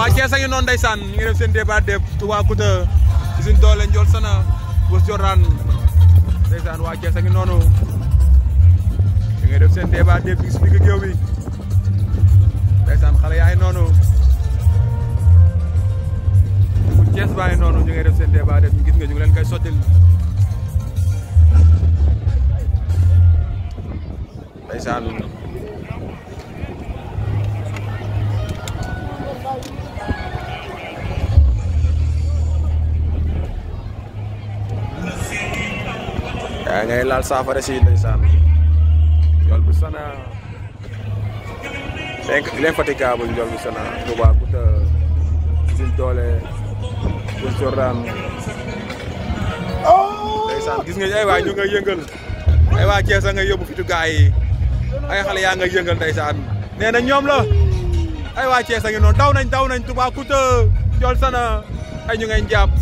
waa Thiès a ngi noonu ndeysaan ñu ngi def seen débat de Toubacouta ci suñ doole njool sana bës joraan ndeysaan waa Thiès a ngi noonu ñu ngi def seen débat de bi si digg géew bi ndeysaan xale yaa ngi noonu bu Thiès baa ngi noonu ñu ngi def seen débat de ñu gis nga ñu ngi leen koy sottil ndeysaan yaa nga laal saafara si ndeysaan njool bu sana l'infatigable njool bu sana Touba Gouta sil doole bul jordan gis nga ay waay ñu nga yëngal ay waa Cees a nga yóbbu fitu yi ay nga yëngal ndeysaan nee ñoom la ay waa Cees a ngi noonu daw nañ daw nañ sana ay ñu